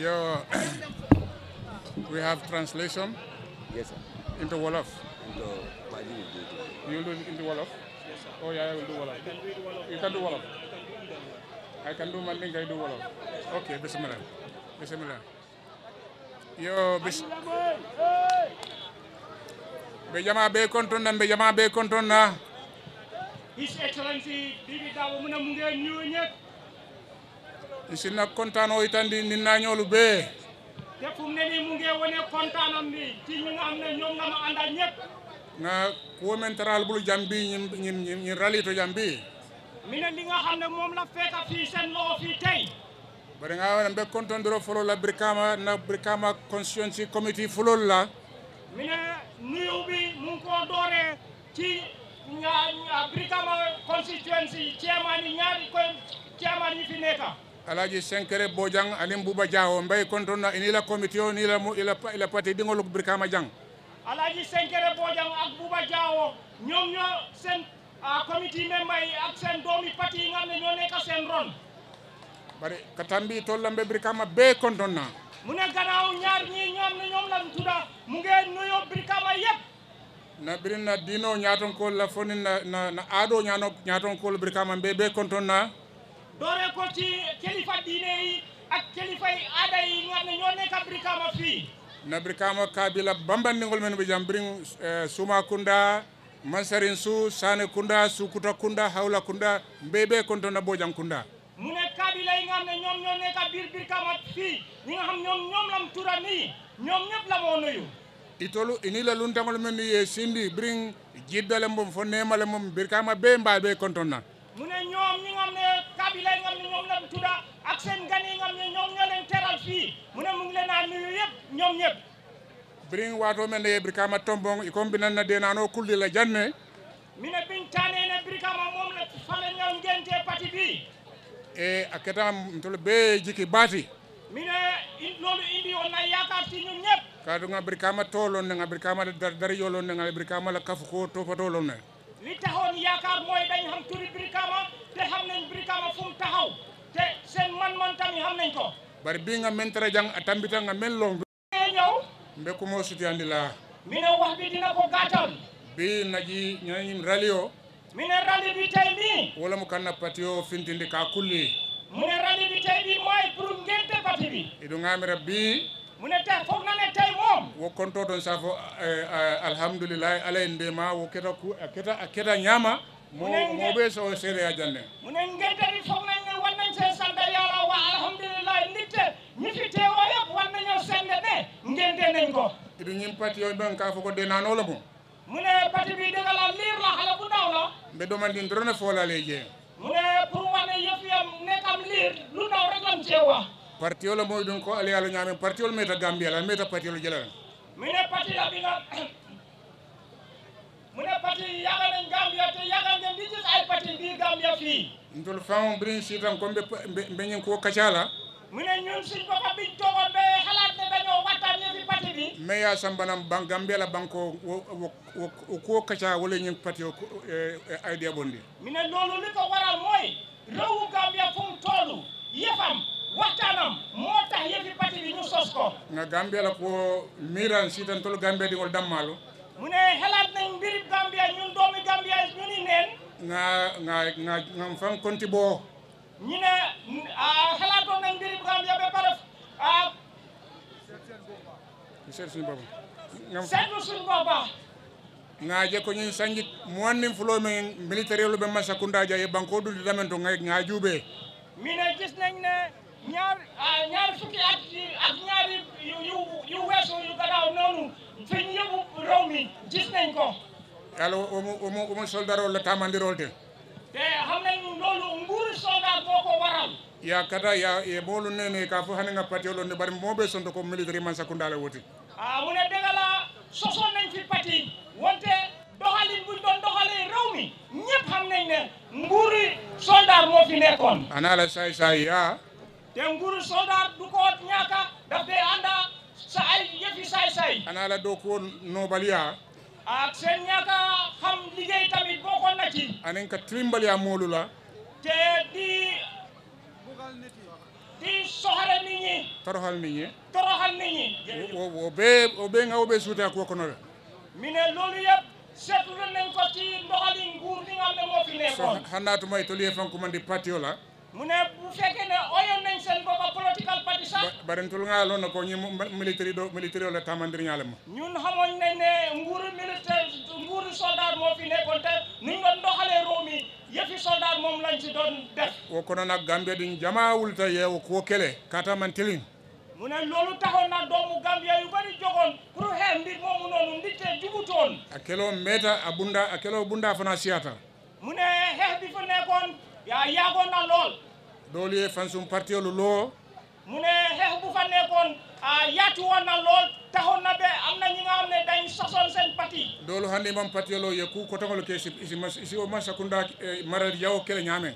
Yo, we have translation. Yes, sir. Into Wolof. Into Mali. You do it into Wolof? Yes, sir. Oh, yeah, I will do Wolof. I can do Wolof. You can do Wolof. I can do thing, I do Wolof. Okay, Bismillah. Bismillah. Yo, bis... Bejama be kontona, bejama be kontona. His Excellency, David Dawo, muna mungkin nyet sinno kontano itandi ninna ñolu be defum ne ni mu nge woné kontano bi ci ñu nga xam na ñoom nga ma àndal ñëpp nga women taral bulu jambi ñim ñim ñim ralito jambi Mina li nga xamne mom la fete fi sen loxo fi tay bari nga wana be kontondoro folo la brikama na brikama conscience committee fulol la Mina nuyu bi mu ko dooree ci nga brikama constituency chairman ñaari chairman yi fi neka alaji senkere bojang anin buba jawo mbay kontonna ini la comité ni la ila ila pati dingoluk birkama jang alaji senkere bojang ak buba jawo ñoom ñoo seen ah, comité member yi ak seen doomi pati yi nga xam ne ñoo ron bari katambi tollambe birkama be kontonna mu ne gannaaw ñaar ñi ñoom ne ñoom lan tudda mu ngee nuyoo birkama yépp na birin na diino ñaaton la foni na na na aado ñaano ñaaton ko birkama be be doore ko ci kelifa diine yi ak kelifa yi ada yi nga xamne ñoo nekk abrikama fi na Brikama bamba ngol men ɓe jam eh, suma Sumakunda Mansarin Su Sane Kunda Sukuta Kunda Hawla Kunda mbebe kontona Bojang Kunda mu ne kabila yi nga xamne ñom ñoo nekk biir Brikama fi ñi nga xam ñom ñom lam tura ni ñom ñep la mo nuyu itolu lu luntangol men ye sindi bring jiddale mum fo neemale mum Brikama be mbaa be sen gan yi nga xam ne ñoom ñoo leen téral fi mu ne mu ngi leen nuyu yëpp ñoom ñëpp bring waato melne eh, ma tombong i nan na denano kulli la janne mine bin tane ne ma mom la fale ñaw ngente pati bi e eh, aketa tole be jiki baati mine lolu indi on na yakar ci ñun ka du nga ma tolon nga ma dar yolon nga ma la kaf ko to fa tolon ne li taxone yakar moy dañ xam turi ma te xam nañ ma fu mu taxaw seen man-man tam xam nañ ko bari bi nga men tara jang a tambita nga men long e ñëw mbe kumoo sutiyandi laa mi ne wax bi dina ko gàttal bi naji ñanañin rali o mi ne rali bi tey bi wala mu kanna pati fintindi ka kulli mu ne rali bi tey bi mooy pour ngente pati bi ne tey foog na ne tey moom wo konto ton safo alhamdulillahi ala en ndema wo keta ku keta keta ñaama mo mo be so sere ajande ne alhamdulillah nit ñi fi teewoo yëpp war nañoo sende ne ngente nañ ko idu ñim pati yo ben ka fogo de nano la mu mu ne pati bi dega la liir la xale bu ndaw la mbe do man din drone fo la lay jee mu ne pour wane yëf yam nekkam liir lu ndaw rek lam cee wax parti yo la mooy dun ko ali yàlla ñaame parti yo la meta gambia la meta pati yo la jëlal mu ne pati la bi nga mu ne pati yaga nañ gambia te yaga ngeen di gis ay pati biir gambia fii ntol faŋo biriŋ siitan ko mbe ñiŋ kuwo kacaa la mu ne ñun suñ ko fa biñ toogoon be xalaat ne dañoo waxtaan ne fi pati bi mais yaa sambanam ban Gambia la banko wo kuwo kacaa wala ñiŋ pati ay bondi mu ne loolu li ko waral mooy réewu Gambia fu mu toolu yëfam waxtaanam moo tax yëfi pati bi ñu sos ko nga Gambia la ko miiran siitan tolu Gambia diŋol dammaalu mu ne xalaat nañ mbiri Gambia ñun doomi Gambia ñu ni neen nga nga nga ngam fan konti boo ñine a ah, xalaatoon nañ mbiri Gambia ba pare a ah. seet suñu boppam ngam seetlu suñu boppam ngaje ko ñin sanjit muwannin fulo men militaire lu be masakunda ja ye banko dul damento ngay nga jube mine gis nañ ne ñaar ah, ñaar fukki at ak ñaari yu yu weesu yu gannaaw noonu fi ñu yóbbu réew mi gis nañ ko ala omo omo omo soldat o tamandirolten te hamnen lolu nguuri soldat bo ko waral ya kata ya e molu nene ka fo hanen ga patiolo ne bari moɓe sonto ko military man sakkundala woti a wona degala soson nañ fi pati wonte doxalin buñ doon doxalee réew mi ñëpp xam nañ ne nguuri soldat moo fi nekkoon ana la saay saay yaa te nguuru soldat du ñaaka daf dee ànda sa ay yëfi saay saay ana la doo ko ak seen ñàkk a xam liggéey tamit na ci anen ka trimbaliya moolu la te di di soxla ñi toroxal nit ñi wo wo be o be nga wo be suute ak wokono la mi loolu yëpp seetlu nañ ko ci ndoxali nguur li nga xam ne moo fi nekkoon xanaa tumay tolu ye fankumandi patio la mu ne bu fekkee ne oyon nañ seen bopp political party sax barentul nga loon na ko ñu military do military wala tamandir ñale ma ñun xamoon ne ne nguuru militaire nguuru soldat moo fi nekkoon te nuñ doon doxalee réew mi yëfi soldat moom lañ ci doon def wo kono nag Gambia din jamaawul ta yeewu koo kele kataman tilin mu ne loolu taxoon na doomu Gambia yu bari jogoon pour xeex mbir moomu noonu nditte jubutoon a keloo meeta a bunda a keloo bunda fana mu ne xeex bi fa nekkoon yaa yaagoon na lool doolu ye fansum partiyolu loo mu ne xeex bu fa nekkoon a yaati woon na lool taxoon na be am na ñi ne dañ sosoon seen parti doolu hannde imam partiyolo ye ku kotoŋolu ke isi isi o man sakunda marar yawo kele ñaamee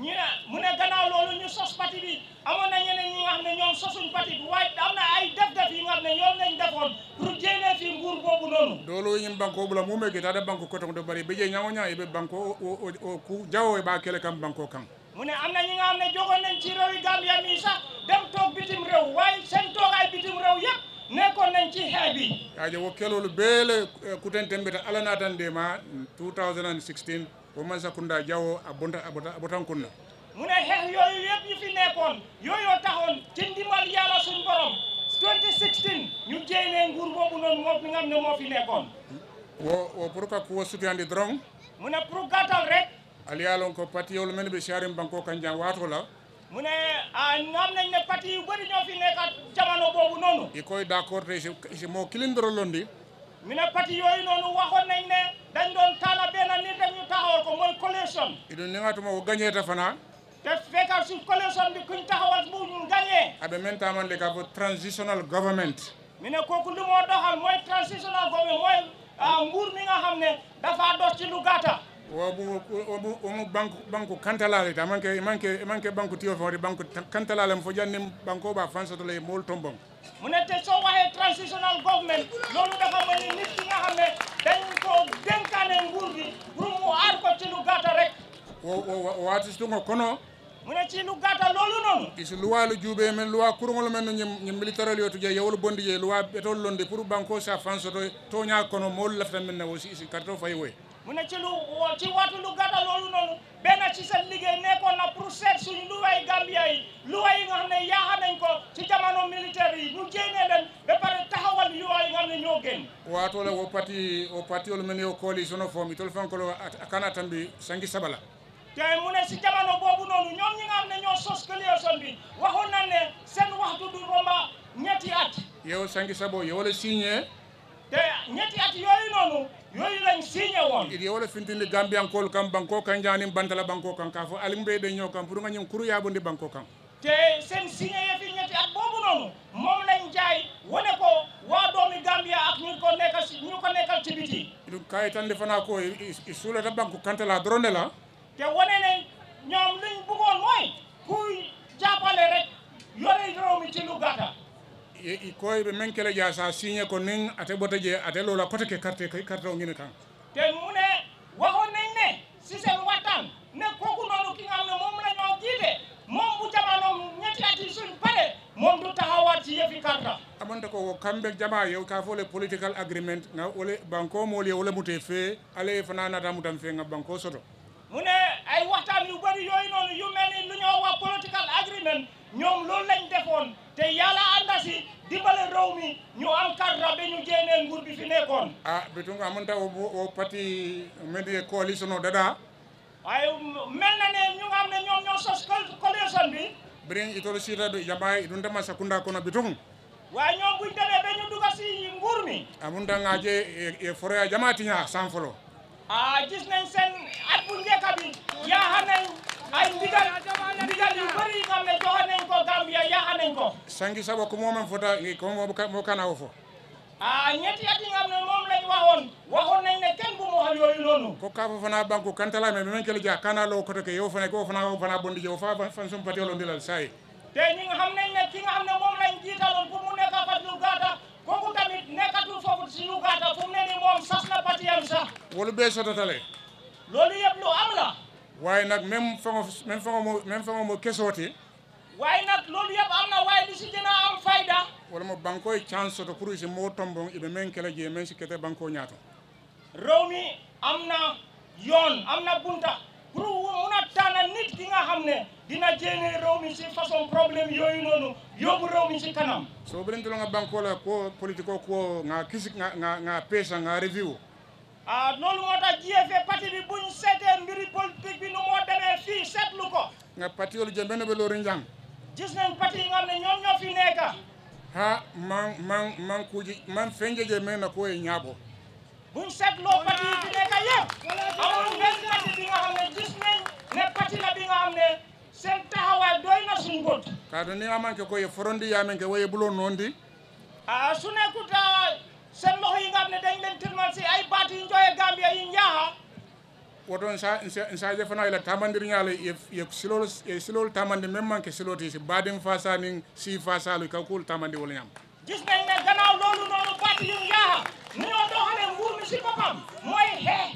ñi mu ne gannaaw loolu ñu sos parti bi amoon na ñeneen ñi nga xam ne ñoom sosuñ parti bi waaye am na ay def-def yi ne ñoom lañ defoon pour jéemee fii nguur boobu doolu ñin banko bula mu meke tada banko kotong do bari be je ñawo ñaayi be banko o ku jawo ba kele kam banko kan mu ne am na ñi nga ne jogoon nañ ci réew yi Gambia mi dem toog bitim réew waaye seen toogaay bitim réew yëpp nekkoon nañ ci xeex bi yaa wo keloolu wa masakunda jawo a bonta a botankunna mune he xeex yooyu yëpp yu fi nekkoon yooyoo taxoon ci ndimbal yàlla sun borom 2016 ñu jéynee nguur boobu noonu moo fi nga ne mo fi nekkoon wo wo pour ka kuwo andi dron mune ne pour rek ali yaalon ko patiyolu men ɓe carin banko kanjan wato la mune a ngam nañ ne pati yu bëri ñoo fi nekkat jamono boobu noonu i d'accord te mo kilindro londi mine pati yooyu nonu waxoon nañ ne dañ doon tànn benn nit rek ñu taxawal ko mooy collation iɗum negatuma ko ta fana te fekka su collation bi kuñ taxawal bu ñu gañee aɓe men tamande ka fo transitional government mine ne kooku li moo doxal mooy transitional government mooy ah, nguur mi nga xam ne dafa dox ci lu gata omo omo banque banque kantalale ta manque manque manque banque tiyo fo wade banque kantalale mo fo janni banque o ɓa fansotola e mool tombon mu ne te soo waxee transitional loolu dafa mel ni nit ki nga xam ne dañ koo dénkaane mu aar ko ci lu gàtta rek o waatitungo kono mu ne ci lu loolu noonu isi luwa lu juubee men luwa kurŋolu men no ñin militaire yo tuje yewolu bondi je luwa ɓetol londi pour banko sa fansoto toña kono moolu laftan men ne wo si isi karto fayi woy mun ne ci lu ci waxtu noonu benn ci seen liggéey nekkoon na pour seet luwaay Gambia luwaay nga ne yaaxa nañ ko ci jamono militaire yi ñu jéemee leen pare taxawal luwaay nga xam ne ñoo génn waatole wo pati o pati olu men yo coalition o fomi tol fankolo kana tambi sangi sabala te mu ne si jamono boobu noonu ñoom nga ne ñoo sos coalition bi waxoon na ne seen waxtu du romba ñetti at noonu yooyu lañ signé woon iɗi wola fintinde gambiyankolu kam banko kan janim bantala banko kan ka fo alim ɓe ɗen ñoo kam pour ga ñin kuru yabundi banko kan te sen signé yefi ñetti at boobu noonu moom lañ jaay wone ko waa doomi Gambia ak ko nekkal ñu ko nekkal ci biti ɗum kayitande fana ko i suulata banque kantala doronde la te wone ne ñoom luñ bëggoon koyɓe men kele ja sa signé ko nin ate bota je ate lola kote ke carte carte o ngine kan te mune waho nañ ne système wattan ne kooku noonu ki nga xam ne moom la ñoo jiite moom bu jamanoom ñetti ati suñ pare moom du taxawaat ci yëfi karta amanta ko kamɓe jama yew ka fo le political agreement nga wole banko mool ye ole mute fe ala ye fana nata tam fee nga banko soto mu ne ay waxtaan yu bëri yooyu noonu yu mel ni lu ñoo wax political agreement ñoom loolu lañ defoon te yàlla dimbale réew ñu am cadre bi ñu jéemee nguur bi fi nekkoon a ah, bitum amanta o parti mendi coalition o dada ay mel na ne ñu nga am ne ñoo sos coalition bi birin itoro sita do yabaye idun dama sakunda kono bitum waaye ñoom buñ demee ba duga si nguur mi amunda ah, ngaje e eh, eh, foroya jamaatiña sanfolo a ah, gis nañ seen at bu njëkk bi yaa xam ay ndigal ndigal yu bëri yi xam ne joxe nañ ko Gambia yaxa nañ ko sangi saba ko moomam fota ko mo kana o fo a ah, ñetti at yi nga xam ne moom lañ waxoon waxoon nañ ne kenn bu mu wax yooyu noonu ko kaafo fana banku kantala me men kele ja kana lo koto ke yo fana ko fana o fana bondi jo fa fan sum patiolo ndilal sayi te ñi nga xam nañ ne ki nga xam ne moom lañ jiitaloon pour mu nekk fat yu gaata kooku tamit nekkatul foofu si yu gaata fu mu ne ni moom sas na patiyam sax wolu bee sotatale loolu yëpp lu am la waaye nag même fengo même fengo mo même fengo mo kesoote waaye nag loolu yëpp am na waaye lu si gën a am fayda walamo bankoye chance soto pour isi moo tombon iɓe men kela jee men si kete banko ñaato réew am na yoon am na bunta pour mun a tànn nit ki nga xam ne dina jéene réew mi si façon problème yooyu noonu yóbbu réew mi si kanam so ɓelentelo nga banko la ko politique o ko nga kisi nga nga nga peesa nga review ah loolu moo tax GFA parti bi buñ seetee mbiri politique bi nu moo demee fii seetlu ko nga parti olu jëm benn ba loolu njàng gis nañ parti yi nga xam ne ñoom ñoo fi nekk ha man man man kuji man fenjeje men na koye ñaabo buñ seetloo parti yi fi nekk yëpp amul benn parti bi nga xam ne gis nañ ne parti la bi nga xam ne seen taxawaay doy na suñ bët kaatu ni amanke koye forondi yamen ke waye bulo noondi ah su nekkuta ah, seen loxo yi nga xam ne dañ leen tilmal si ay baat yi njoye Gambia yi ñaaha woto sa sa jefana ila tamandiri ñala ye silol silol tamandi même manque siloti si badin fasa ni si fasa lu ka kul tamandi wala ñam gis ne gannaaw loolu noonu baat yu ñaaha ñoo doxale nguur mi si boppam mooy xeet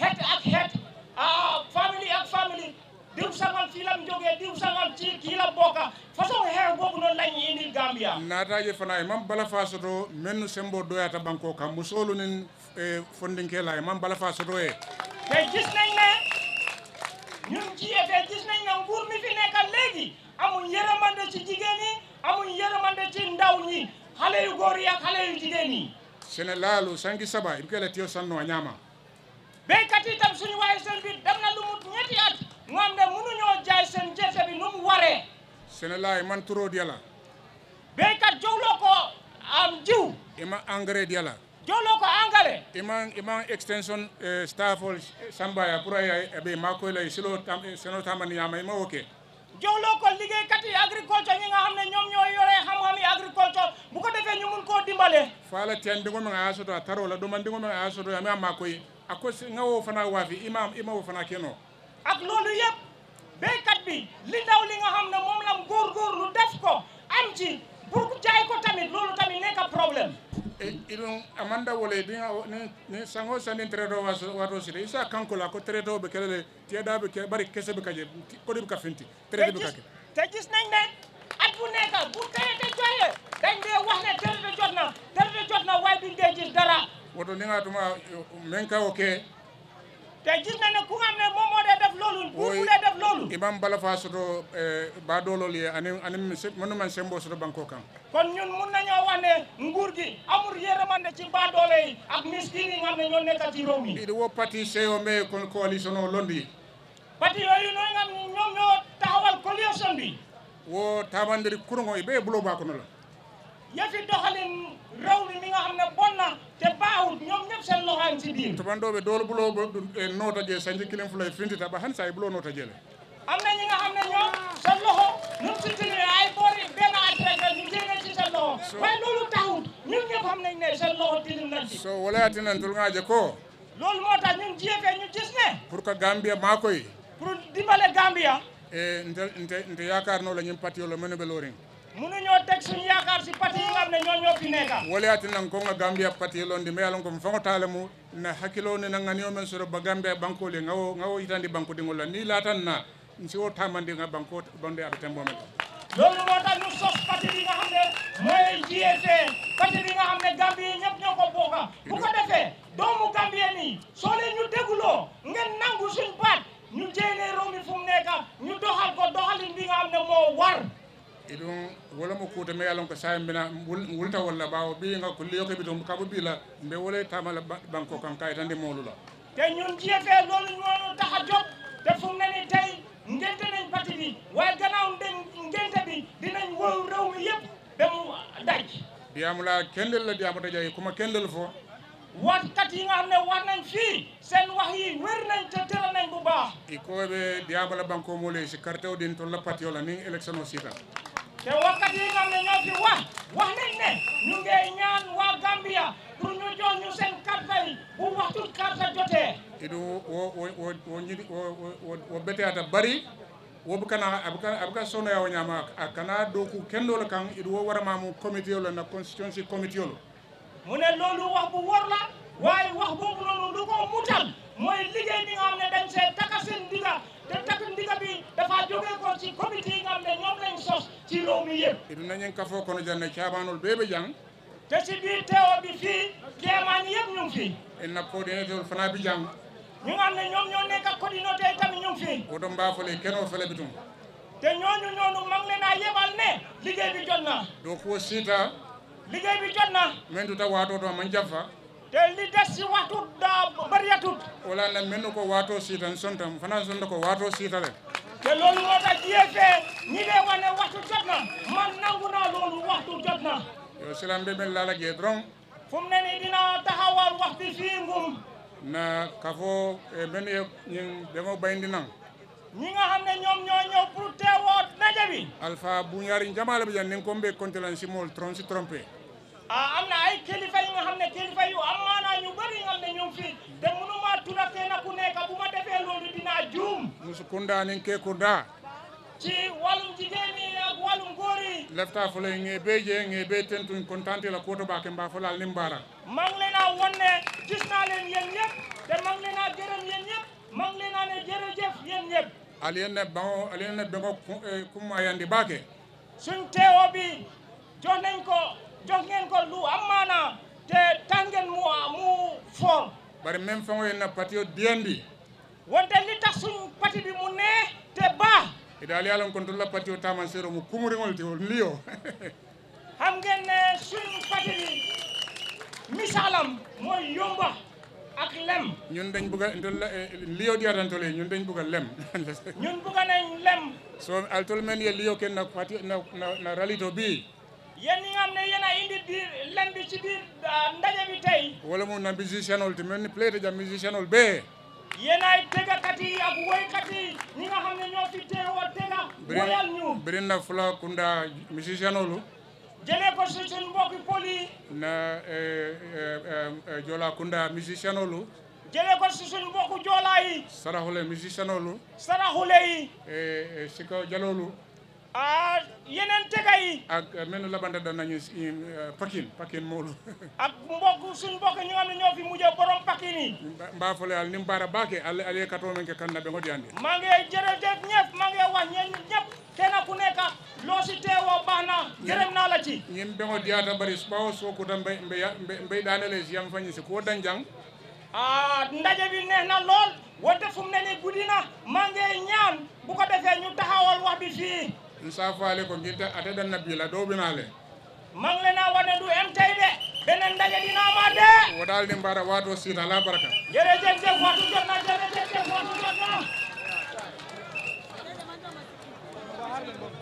xeet ak xeet ah famille ak famille diw sangam fii la mu jógee diw sangam ci kii la bokka façon xeex boobu noonu lañ ñii ni Gambia naataaje fana e mam bala fa soto men sembo doyata banko kam musoolu nin eh, fondinke la e mam bala soto e te gis nañ ne ñun jiyé te gis nañ ne nguur mi fi nekk léegi amuñ yërëmande ci jigéen ñi amuñ yërëmande ci ndaw ñi xale yu góor yi ak xale yu jigéen ñi sene laalu sangi saba ibi kele tiyo sanno a ñaama béykat yi tam suñu moom de mënuñoo jaay seen gerte bi nu waree. sene laay man turoo di la. béykat jowloo ko am jiw. ima engrais di la. jowloo ko engrais. ima ima extension eh, staff eh, sambaya pour ay abe eh, maa koy lay silo tam seno tamani yaama ima woke. jowloo ko liggéeykat yi agriculture ñi nga xam ne ñoom ñoo yore xam-xam yi agriculture bu ko defee ñu mun koo dimbale. faala tiyan dingo mi nga a soto a taroo la duma dingo mi nga a soto a maa a ko ak loolu yëpp béykat bi li ndaw li nga xam ne moom lam lu def ko am ci pour jaay ko tamit loolu tamit nekk problème iɗum amanda wole ɗia ni sango sandin traito wato sile isa kankola ko traito ɓe kelele tiyeɗa ɓe ke ɓari kese ɓe kaje koɗi ɓe ka finti traité ɓe kake te gis nañ ne at bu nekk bu traité joye dañ dee wax ne traité jot na traité jot na waaye duñ dee gis dara woto ni nga tuma men kawo ke te gis ku nga ne moom moo dee def loolu bu bulee def loolu imam balafa soto eh, baadooloolu ye ani ani mënu man semboo soto bankoo kan kon ñun mun nañoo wax ne nguur gi amul yërmande ci baadoolo yi ak miskin yi nga xam ne ñoo nekk ci réew mi idi wo parti seyo mbe kon coalition o londi parti yooyu noonu nga ñoom ñoo taxawal coalition bi wo taamandiri kurongo i bee buloo baa kono la yëfi doxalin raw mi mi nga xam te baawut ñoom ñëpp seen loxaan si biir tubandoɓe doole bulo e, noota je sañji kilim fulay noota jele am na ñi nga xam ne ñoom seen loxo ñun si tili ay boori benn adresse ñu jénge loxo waaye loolu taxut ñun ñëpp xam nañ ne seen loxo tilim nañ ci so walayati ko loolu moo tax ñun jiyefe ñu gis ne pour que Gambia maa koy pour dimbale Gambia e nte nte nte yaakaar noo la ñun patio la mëne be loorin mënuñoo teg suñu woleyatinan konga gambia patilondi mbeyalon kom fango talamu na hakkilo ne na ganiyo men soro ba gambia bankole ngawo ngawo yitandi bankudigol la ni latan na nsi wo tamandi nga banko bonde aɓe tembo men loolu moo tax ñu sos parti bi nga xam ne mooy GSA parti bi nga xam ne Gambie yi ñëpp ñoo ko defee doomu Gambie nii soo leen ñu dégloo ngeen nangu suñ baat ñu jéenee réew mi fu mu ñu doxal ko doxalin bi nga iɗum wolamo kuuta a alan ko sawi mbina wulta walla ɓaawo ɓiyinga ko liyo keɓi toon kabo ɓiila mbe wole tamala banko kan kayitande mawlula te ñun jiyete loolu ñoono taxa jot te fum nani tey ngente nañ pati bi waaye gannaaw nden ngente bi dinañ wow rew mi yëpp be mu daj diyamula kendel la diyamata jayi kuma kendel fo waxkat yi nga xam ne wax nañ fii seen wax yi wér nañ te tëral nañ bu baax i kooɓe diyabala banko mole si carte o ɗin to la pati o la ni élection o siita te wakkat yi nga xam ne ñoo fi wax wax nañ ne ñu ngi ñaan waa Gambia pour ñu jox ñu seen karta yi bu waxtu karta jotee idu wo wo wo ñidi wo wo beteata bari wo bu kana abuka abuka sono yawo ñama akana doku kendo la kan idu wo warama mu comité la na constituency comité lo mu ne loolu wax bu wor la waaye wax boobu noonu du ko mutal mooy liggéey bi nga xam ne dañ see takka seen te takk ndiga bi dafa jógee ko ci comité nga xam ne lañ sos jiiloomi yen iɗum nañen kafo kono janno cabanol ɓeɓe jang tesi mbi tewoɓe fi kemani yeb ñum fi en nappoɗe netewol fana bi jang ñu am ne ñoom ñoo nekk ak communauté yi tamit ñu ngi fi. oto mbaafale kenoo fële bi tum. te ñooñu ñoonu mag leen a yebal ne. liggéey bi jot na. doo siita. liggéey bi jot na. men tuta waatoo to man jafa. te li des si waxtu daa bariyatul. wala na men ko waatoo siita sontam fana sonta ko waatoo te waxtu jot na man nangu naa loolu waxtu jot na. yo silam be mel laala gee dron fu mu ne nii dina taxawal waxtu fii ngum na kafo men ye ñing demo bayndi nang ñi nga ne ñoom ñoo ñëw pour teewoo ndaje bi alpha buñaari njamaale bi jan ni ko mbe kontelan si mool tron si trompé ah am na ay kilifa yi nga ne kilifa yu am maanaa ñu bëri nga xam ne ñoom fii te mënuma tuddee kenn ku nekk bu ma defee loolu naa juum musukunda nin ke kunda ci walum jigéen yi ak walum góor yi lefta fulay nge be je nge be tentuñ kontante la koto ba ke mba fulal nim bara mang leen a won ne gis naa leen yéen ñëpp te mang leen a gërëm yéen ñëpp mang leen a ne jërëjëf yéen ñëpp alien ne bango e, baake suñ teewoo bi jox nañ ko jox ngeen ko lu am maana te tàngeen mu mu foor bari même fango yen na patio diyandi wonte li suñ pati ɗi mu ne te ba eɗe ali alan kon tolla pati o taman sero mo kumuriŋol ti o liyo ham ne suñ pati ɗi misalam mooy yomba ak lem ñun dañ bëgg a ntolla eh, dañ bëgg a lem ñun bëgg lem so al tol ye liyo ken na pati na na ralito bi yéen ñi ne yéen a indi biir lem bi ci biir ah, ndaje bi tey wala moom na musicien ti mel ni play ta bee yéenaay tegakat yi ak woykat yi ñi nga xam ñoo fi teewoo tega woyal ñu birin na fula kunda musicien olu jëlee ko si suñ mbokki pël yi na eh, eh, eh, jola kunda musicien olu ko si suñ mbokku yi saraxule musicien olu yi siko jaloolu a ah, yeneen tega yi ak euh, mel nu labanda da nañu pakin euh, pakin moolu ak mbokk suñ mbokk ñu am ne fi mujjee borom pakin yi mbaa fole al nim baara baake al ale kato men ke kan na be ngodi ande maa ngi jërëjëf wax ñeen ñëpp ku nekk loo si teewoo baax na gërëm naa la ci ñin be ngodi yaata bari subawo sookuta mbay mbay mbay daane les yam fañi si koo danjang ah ndaje bi neex na lool wante fu mu ne nii ñaan bu ko defee ñu taxawal wax bi n saafaale ko ngirta ate dan nabila dow binale mangle na wadde ndu en tawi de ɓenen daña ɗinama de o dal ɗi mbara wato sin ala baraka jerejef watu jonna jerejef watu jonna